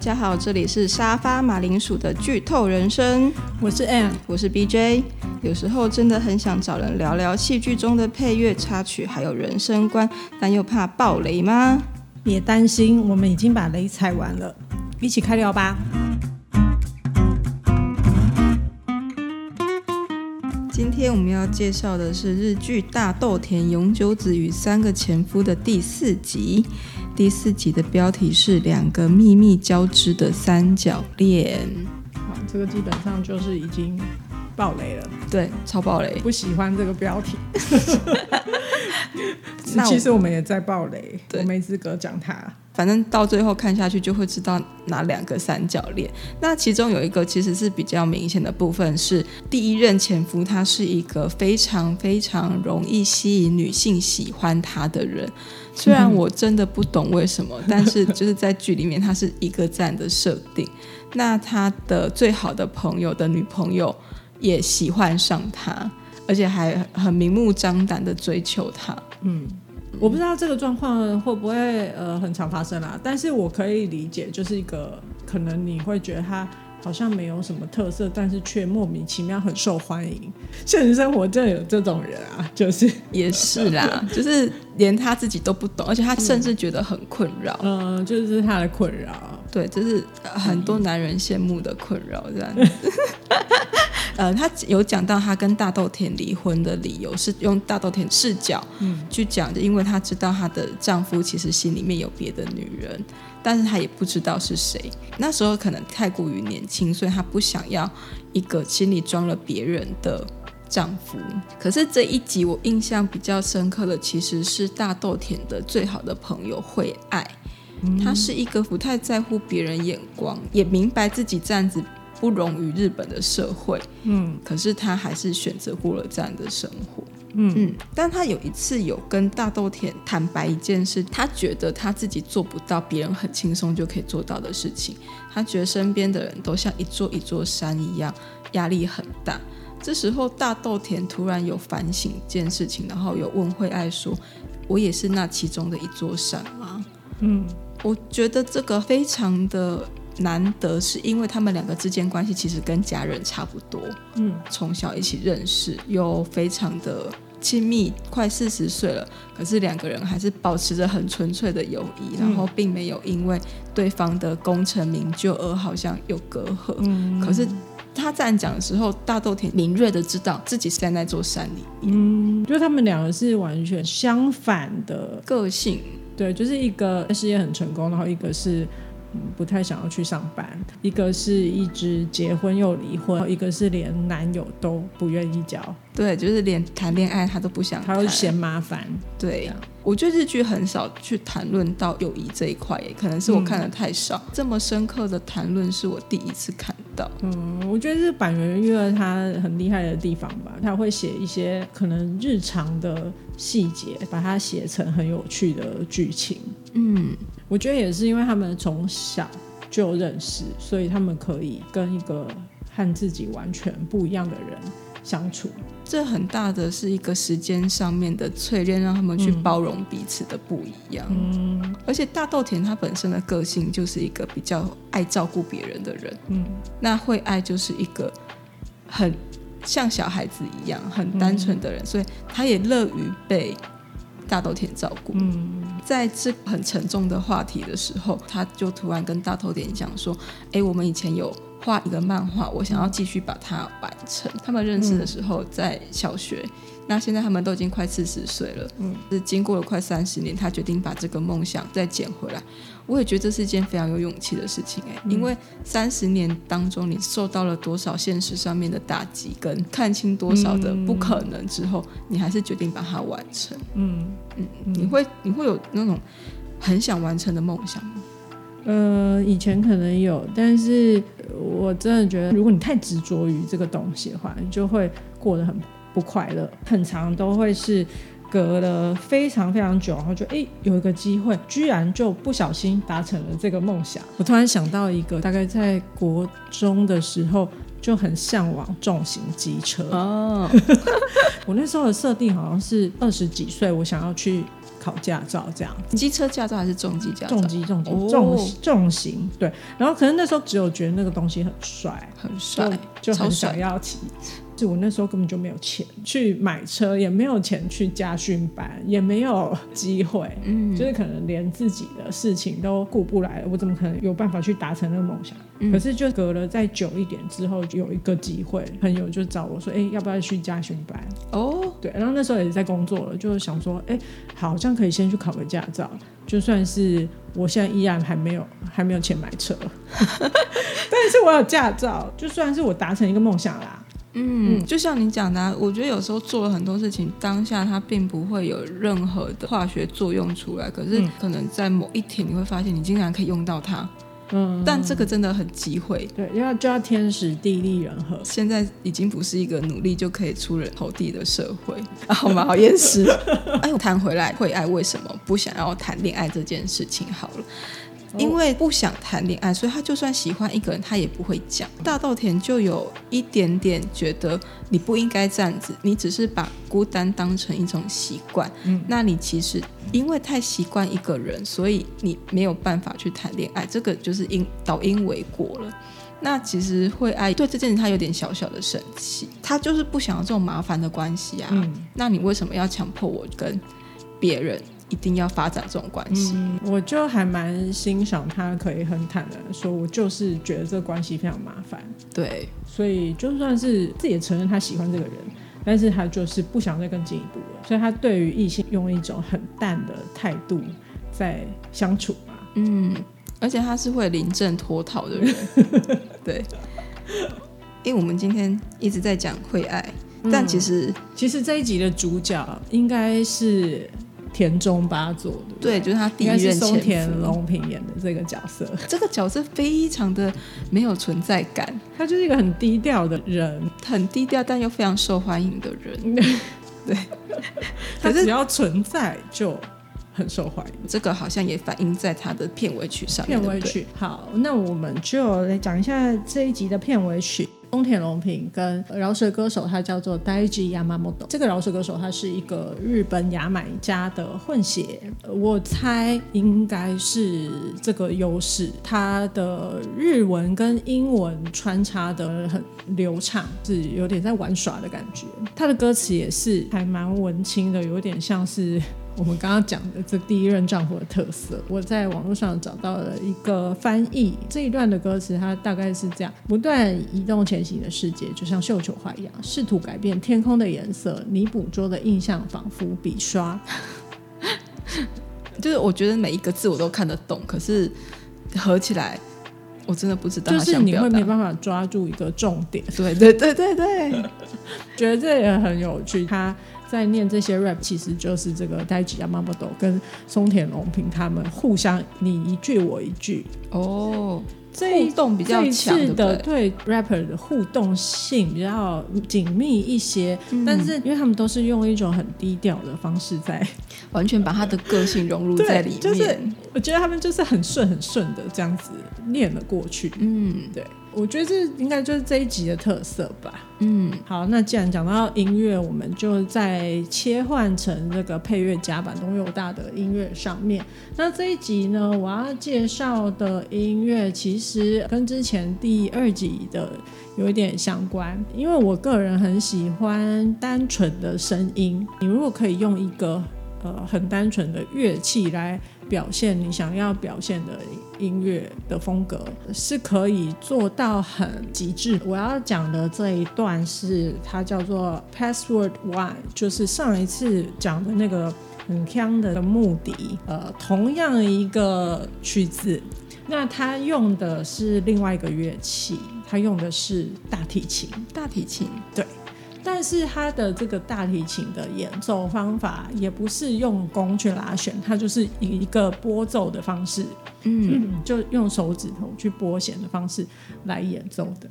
大家好，這裡是沙發馬鈴薯的劇透人生，我是 Ann，我是 BJ。有時候真的很想找人聊聊戲劇中的配樂插曲，還有人生觀，但又怕爆雷嗎？別擔心，我們已經把雷踩完了，一起開聊吧。今天我們要介紹的是日劇《大豆田永久子與三個前夫》的第四集。第四集的標題是“兩個秘密交織的三角戀”，啊，這個基本上就是已經爆雷了。對，超爆雷，不喜歡這個標題。 那其實我們也在爆雷，我沒資格講它。反正到最後看下去就會知道哪兩個三角戀。那其中有一個其實是比較明顯的部分是，是第一任前夫，他是一個非常非常容易吸引女性喜歡他的人。雖然我真的不懂為什麼，嗯、但是就是在劇裡面他是一個這樣的設定。那他的最好的朋友的女朋友也喜歡上他，而且還很明目張膽的追求他。嗯。我不知道這個狀況會不會呃很常發生啦、啊，但是我可以理解，就是一個可能你會覺得他好像沒有什麼特色，但是卻莫名其妙很受歡迎。現實生活就有這種人啊，就是也是啦， 就是連他自己都不懂，而且他甚至覺得很困擾。嗯、呃，就是他的困擾，對，就是很多男人羨慕的困擾這樣子。 呃，她有講到她跟大豆田離婚的理由是用大豆田視角去講的，嗯、因為她知道她的丈夫其實心裡面有別的女人，但是她也不知道是誰。那時候可能太過於年輕，所以她不想要一個心裡裝了別人的丈夫。可是這一集我印象比較深刻的其實是大豆田的最好的朋友惠愛，她、嗯、是一個不太在乎別人眼光，也明白自己這樣子。不容於日本的社會，嗯，可是他還是選擇過了這樣的生活，嗯嗯。但他有一次有跟大豆田坦白一件事，他覺得他自己做不到別人很輕鬆就可以做到的事情，他覺得身邊的人都像一座一座山一樣，壓力很大。這時候大豆田突然有反省一件事情，然後有問惠愛說：“我也是那其中的一座山嗎？”嗯，我覺得這個非常的。難得是因為他們兩個之間關係其實跟家人差不多，嗯，從小一起認識，又非常的親密，快四十歲了，可是兩個人還是保持着很純粹的友誼，嗯，然後並沒有因為對方的功成名就而好像有隔閡。嗯，可是他在講的時候，大豆田敏銳地知道自己是在那座山裡面，嗯，就他們兩個是完全相反的個性，對，就是一個事業很成功，然後一個是。嗯、不太想要去上班，一個是一直結婚又離婚，一個是連男友都不願意交，對，就是連談戀愛他都不想，他都嫌麻煩。對，這我覺得日劇很少去談論到友誼這一塊，可能是我看的太少，嗯，這麼深刻的談論是我第一次看到。嗯，我覺得是坂元月他很厲害的地方吧，他會寫一些可能日常的細節，把它寫成很有趣的劇情。嗯。我覺得也是，因為他們從小就認識，所以他們可以跟一個和自己完全不一樣的人相處。這很大的是一個時間上面的淬煉，讓他們去包容彼此的不一樣。嗯，而且大豆田他本身的個性就是一個比較愛照顧別人的人。嗯，那會愛就是一個很像小孩子一樣，很單純的人，嗯，所以他也樂於被。大豆田照顧。嗯，在這很沉重的話題的時候，他就突然跟大豆田講說：“哎、欸，我們以前有畫一個漫畫，我想要繼續把它完成。嗯”他們認識的時候在小學，那現在他們都已經快四十歲了、嗯，是經過了快三十年，他決定把這個夢想再撿回來。我也覺得這是一件非常有勇氣的事情哎，因為三十年當中，你受到了多少現實上面的打擊，跟看清多少的不可能之後，嗯、你還是決定把它完成。嗯,嗯你會你會有那種很想完成的夢想嗎？呃，以前可能有，但是我真的覺得，如果你太執着於這個東西的話，你就會過得很不快樂，很常都會是。隔了非常非常久，然後就哎、欸，有一個機會，居然就不小心達成了這個夢想。我突然想到一個，大概在國中的時候就很嚮往重型機車哦。Oh. 我那時候的設定好像是二十幾歲，我想要去考駕照這樣。機車駕照還是重機駕照？重機重機重、oh. 重型對。然後可能那時候只有覺得那個東西很帥，很帥、欸，就很想要騎。我那時候根本就沒有錢去買車，也沒有錢去駕訓班，也沒有機會，嗯，就是可能連自己的事情，都顧不來了，我怎麼可能有辦法去達成那個夢想、嗯？可是就隔了再久一點之後，就有一個機會，朋友就找我說：“哎、欸，要不要去駕訓班？”哦，對，然後那時候也是在工作了，就是想說：“哎、欸，好像可以先去考個駕照，就算是我現在依然還沒有還沒有錢買車， 但是我有駕照，就算是我達成一個夢想啦。”嗯，就像你講的、啊，我覺得有時候做了很多事情，當下它並不會有任何的化學作用出來，可是可能在某一天你會發現，你竟然可以用到它。嗯，但這個真的很機會，對，因為就要天時地利人和。現在已經不是一個努力就可以出人頭地的社會，啊、好嗎？好厭世。 哎，我談回來，會愛為什麼不想要談戀愛這件事情，好了。因為不想談戀愛，所以他就算喜歡一個人，他也不會講。大豆田就有一點點覺得你不應該這樣子，你只是把孤單當成一種習慣。嗯，那你其實因為太習慣一個人，所以你沒有辦法去談戀愛。這個就是因倒因為果了。那其實會愛對這件事他有點小小的生氣，他就是不想要這種麻煩的關係啊。嗯，那你為什麼要強迫我跟別人？一定要發展這種關係，嗯，我就還蠻欣賞他可以很坦然說，我就是覺得這個關係非常麻煩。對，所以就算是自己也承認他喜歡這個人，嗯、但是他就是不想再更進一步了。所以他對於異性用一種很淡的態度在相處嘛。嗯，而且他是會臨陣脫逃的人。對，因 為、欸、我們今天一直在講會愛、嗯，但其實其實這一集的主角應該是。田中八作，的對，就是他第一任松田龍平演，演的這個角色，這個角色非常的沒有存在感，他就是一個很低調的人，嗯、很低調但又非常受歡迎的人，嗯、對他是。他只要存在就很受歡迎，這個好像也反映在他的片尾曲上面。片尾曲。好，那我們就來講一下這一集的片尾曲。東田龍平跟饒舌歌手，他叫做 Daichi Yamamoto。這個饒舌歌手，他是一個日本牙買加的混血。我猜應該是這個優勢，他的日文跟英文穿插得很流暢，是有點在玩耍的感覺。他的歌詞也是還蠻文青的，有點像是。我們剛剛講的這第一任丈夫的特色，我在網絡上找到了一個翻譯這一段的歌詞，它大概是這樣：不斷移動前行的世界，就像繡球花一樣，試圖改變天空的顏色。你捕捉的印象，仿佛筆刷。 就是我覺得每一個字我都看得懂，可是合起來，我真的不知道。就是你會沒辦法抓住一個重點。 對對對對對，覺得這也很有趣。他。在念這些 rap，其實就是這個 Daichi Yamamoto 跟松田龍平他們互相你一句我一句哦，互動比較強的對 rapper 的互動性比較緊密一些，嗯，但是因為他們都是用一種很低調的方式在完全把他的個性融入在裡面，就是我覺得他們就是很順很順的這樣子念了過去，嗯，對。我覺得這應該就是這一集的特色吧。嗯，好，那既然講到音樂，我們就再切換成這個配樂加坂東祐大的音樂上面。那這一集呢，我要介紹的音樂其實跟之前第二集的有一點相關，因為我個人很喜歡單純的聲音。你如果可以用一個。呃，很單純的樂器來表現你想要表現的音樂的風格，是可以做到很極致。我要講的這一段是它叫做 Password One，就是上一次講的那個很腔的木笛。呃，同樣一個曲子，那它用的是另外一個樂器，它用的是大提琴。大提琴，對。但是他的這個大提琴的演奏方法也不是用弓去拉弦，他就是以一個撥奏的方式，嗯，就用手指頭去撥弦的方式來演奏的，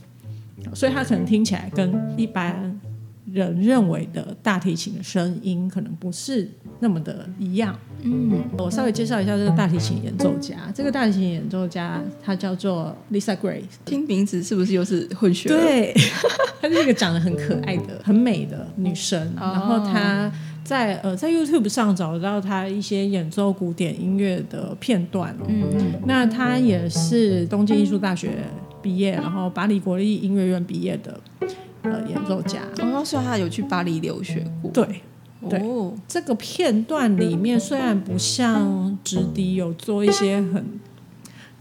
嗯、所以他可能聽起來跟一般人認為的大提琴的聲音可能不是那麼的一樣。嗯，我稍微介紹一下這個大提琴演奏家。這個大提琴演奏家他叫做 Lisa Gray，聽名字是不是又是混血？對，他 是一個長得很可愛的、很美的女生。哦、然後他在呃在 YouTube 上找到他一些演奏古典音樂的片段。嗯，那他也是東京藝術大學畢業，然後巴黎國立音樂院畢業的。呃，演奏家，所以他有去巴黎留學過。對，對，哦，這個片段裡面雖然不像直笛有做一些很。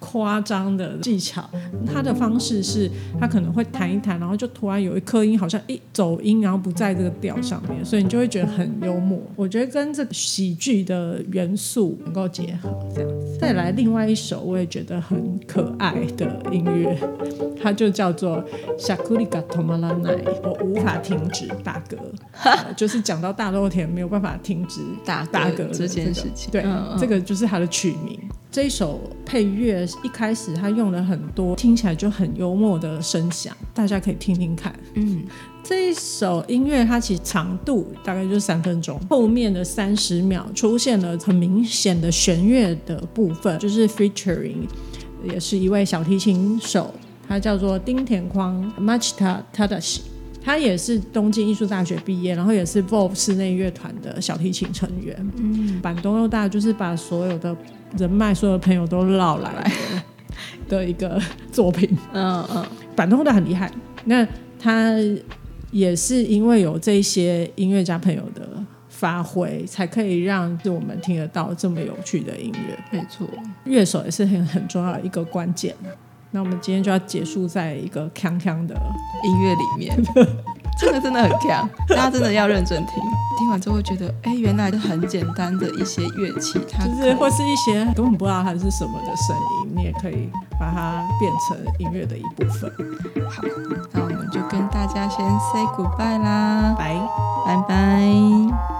誇張的技巧，他的方式是，他可能會彈一彈，然後就突然有一顆音，好像一走音，然後不在這個調上面，所以你就會覺得很幽默。我覺得跟這喜劇的元素能夠結合，這樣，嗯、再來另外一首，我也覺得很可愛的音樂，它就叫做しゃっくりが止まらない，我無法停止打嗝， 呃，就是講到大豆田沒有辦法停止打打嗝這件事情，對，嗯嗯，這個就是它的曲名。這一首配樂一開始，他用了很多聽起來就很幽默的聲響，大家可以聽聽看。嗯，這一首音樂它其實長度大概就是三分鐘，後面的三十秒出現了很明顯的弦樂的部分，就是 featuring 也是一位小提琴手，他叫做町田匡 （Machita Tadashi），他也是東京藝術大學畢業，然後也是 Verve 室內樂團的小提琴成員。嗯，坂東祐大就是把所有的。人脈，所有的朋友都繞來，的，來的，的一個作品，嗯嗯，反正的很厲害。那他也是因為有這些音樂家朋友的發揮，才可以讓我們聽得到這麼有趣的音樂。沒錯，樂手也是很很重要的一個關鍵。那我們今天就要結束在一個康康的音樂裡面。 這個真的很強，大家真的要認真聽，聽完之後會覺得，哎、欸，原來很簡單的一些樂器，它可以就是或是一些根本不知道它是什麼的聲音，你也可以把它變成音樂的一部分。好，那我們就跟大家先 say goodbye 啦，拜拜拜。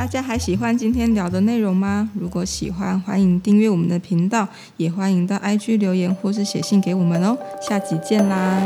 大家還喜歡今天聊的內容嗎？如果喜歡，歡迎訂閱我們的頻道，也歡迎到 IG 留言或是寫信給我們哦。下集見啦！